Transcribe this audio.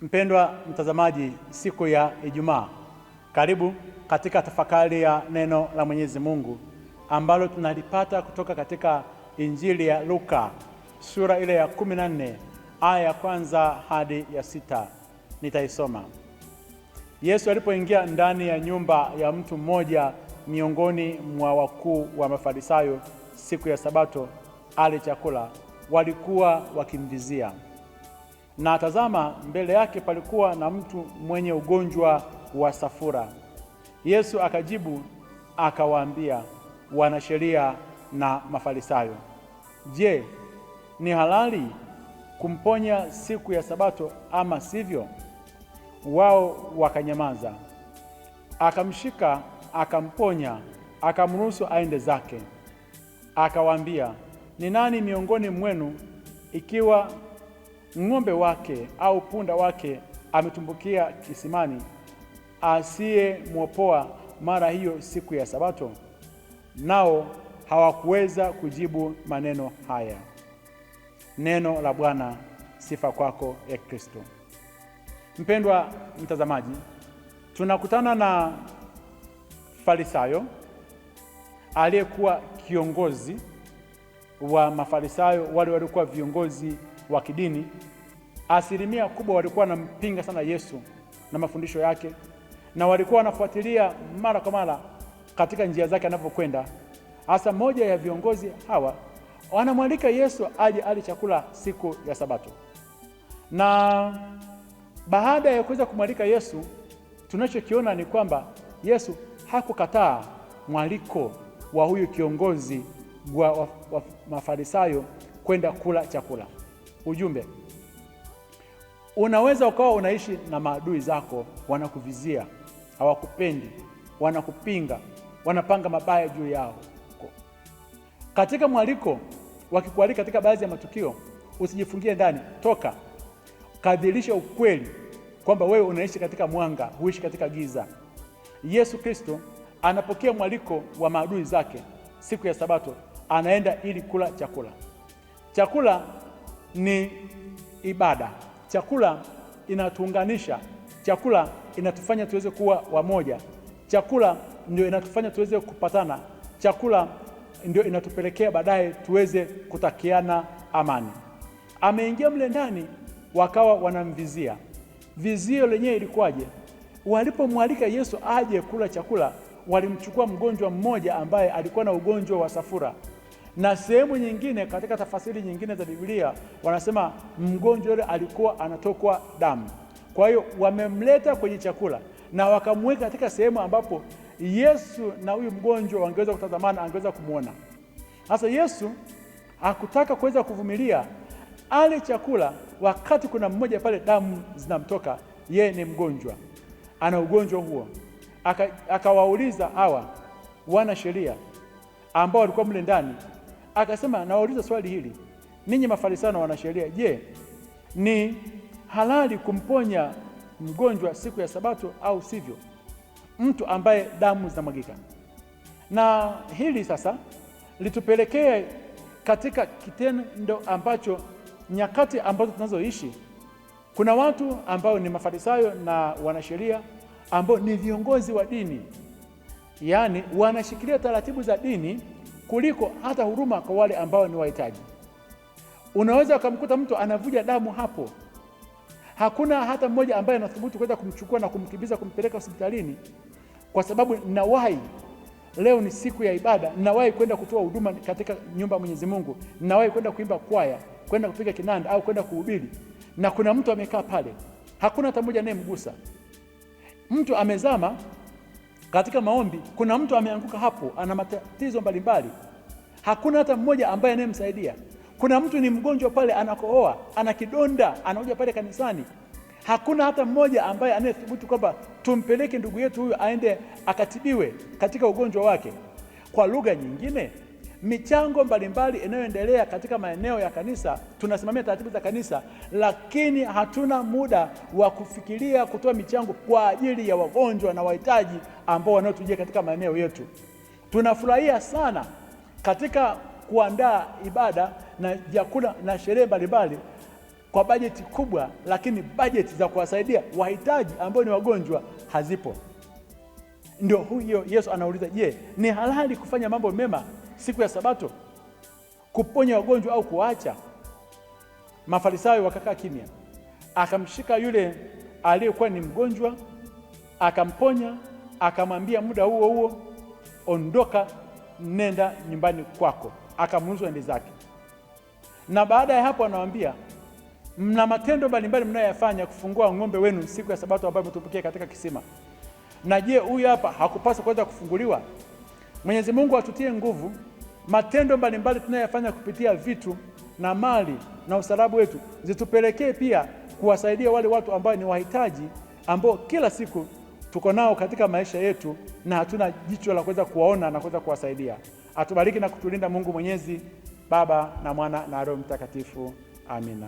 Mpendwa mtazamaji, siku ya Ijumaa, karibu katika tafakari ya neno la Mwenyezi Mungu ambalo tunalipata kutoka katika Injili ya Luka sura ile ya kumi na nne aya ya kwanza hadi ya sita. Nitaisoma. Yesu alipoingia ndani ya nyumba ya mtu mmoja miongoni mwa wakuu wa Mafarisayo siku ya Sabato, ali chakula, walikuwa wakimvizia na atazama, mbele yake palikuwa na mtu mwenye ugonjwa wa safura. Yesu akajibu akawaambia wanasheria na Mafarisayo, je, ni halali kumponya siku ya Sabato ama sivyo? Wao wakanyamaza. Akamshika akamponya, akamruhusu aende zake. Akawaambia, ni nani miongoni mwenu ikiwa ng'ombe wake au punda wake ametumbukia kisimani, asiyemwopoa mara hiyo siku ya Sabato? Nao hawakuweza kujibu maneno haya. Neno la Bwana. Sifa kwako e Kristo. Mpendwa mtazamaji, tunakutana na Farisayo aliyekuwa kiongozi wa Mafarisayo, wale waliokuwa viongozi wa kidini, asilimia kubwa walikuwa wanampinga sana Yesu na mafundisho yake, na walikuwa wanafuatilia mara kwa mara katika njia zake anavyokwenda. Hasa moja ya viongozi hawa wanamwalika Yesu aje ale chakula siku ya Sabato, na baada ya kuweza kumwalika Yesu, tunachokiona ni kwamba Yesu hakukataa mwaliko wa huyu kiongozi wa Mafarisayo kwenda kula chakula. Ujumbe, unaweza ukawa unaishi na maadui zako, wanakuvizia, hawakupendi, wanakupinga, wanapanga mabaya juu yao. Katika mwaliko, wakikualika katika baadhi ya matukio, usijifungie ndani, toka, kadhirisha ukweli kwamba wewe unaishi katika mwanga, huishi katika giza. Yesu Kristo anapokea mwaliko wa maadui zake siku ya Sabato, anaenda ili kula chakula chakula ni ibada. Chakula inatuunganisha, chakula inatufanya tuweze kuwa wamoja, chakula ndio inatufanya tuweze kupatana, chakula ndio inatupelekea baadaye tuweze kutakiana amani. Ameingia mle ndani, wakawa wanamvizia. Vizio lenyewe ilikuwaje? Walipomwalika Yesu aje kula chakula, walimchukua mgonjwa mmoja ambaye alikuwa na ugonjwa wa safura na sehemu nyingine katika tafasiri nyingine za Biblia wanasema mgonjwa yule alikuwa anatokwa damu. Kwa hiyo wamemleta kwenye chakula na wakamweka katika sehemu ambapo Yesu na huyu mgonjwa wangeweza kutazamana, angeweza kumwona. Sasa Yesu hakutaka kuweza kuvumilia, ale chakula wakati kuna mmoja pale damu zinamtoka, yeye ni mgonjwa, ana ugonjwa huo. Akawauliza aka hawa wana sheria ambao walikuwa mle ndani Akasema, nawauliza swali hili ninyi mafarisayo na wanasheria, je, ni halali kumponya mgonjwa siku ya Sabato au sivyo, mtu ambaye damu zinamwagika? Na hili sasa litupelekee katika kitendo ambacho nyakati ambazo tunazoishi kuna watu ambao ni mafarisayo na wanasheria ambao ni viongozi wa dini, yaani wanashikilia taratibu za dini kuliko hata huruma kwa wale ambao ni wahitaji. Unaweza ukamkuta mtu anavuja damu hapo, hakuna hata mmoja ambaye anathubutu kuweza kumchukua na kumkimbiza kumpeleka hospitalini, kwa sababu nawahi leo ni siku ya ibada, nawahi kwenda kutoa huduma katika nyumba ya Mwenyezi Mungu, nawahi kwenda kuimba kwaya, kwenda kupiga kinanda au kwenda kuhubiri, na kuna mtu amekaa pale, hakuna hata mmoja anayemgusa. Mtu amezama katika maombi. Kuna mtu ameanguka hapo, ana matatizo mbalimbali, hakuna hata mmoja ambaye anayemsaidia. Kuna mtu ni mgonjwa pale, anakohoa, ana kidonda, anakuja pale kanisani, hakuna hata mmoja ambaye anayethubutu kwamba tumpeleke ndugu yetu huyu aende akatibiwe katika ugonjwa wake. Kwa lugha nyingine michango mbalimbali inayoendelea katika maeneo ya kanisa, tunasimamia taratibu za kanisa, lakini hatuna muda wa kufikiria kutoa michango kwa ajili ya wagonjwa na wahitaji ambao wanaotujia katika maeneo yetu. Tunafurahia sana katika kuandaa ibada na vyakula na sherehe mbalimbali kwa bajeti kubwa, lakini bajeti za kuwasaidia wahitaji ambao ni wagonjwa hazipo. Ndio huyo Yesu anauliza, je, ni halali kufanya mambo mema siku ya Sabato, kuponya wagonjwa au kuacha? Mafarisayo wakakaa kimya. Akamshika yule aliyekuwa ni mgonjwa, akamponya, akamwambia muda huo huo, ondoka, nenda nyumbani kwako, Akamruhusu ende zake. Na baada ya hapo anawaambia mna matendo mbalimbali mnayoyafanya, kufungua ng'ombe wenu siku ya Sabato ambayo mmetupikia katika kisima. Na je, huyu hapa hakupaswa kuweza kufunguliwa? Mwenyezi Mungu atutie nguvu. Matendo mbalimbali tunayofanya kupitia vitu na mali na usalabu wetu zitupelekee pia kuwasaidia wale watu ambao ni wahitaji, ambao kila siku tuko nao katika maisha yetu na hatuna jicho la kuweza kuwaona na kuweza kuwasaidia. Atubariki na kutulinda Mungu Mwenyezi, Baba na Mwana na Roho Mtakatifu. Amina.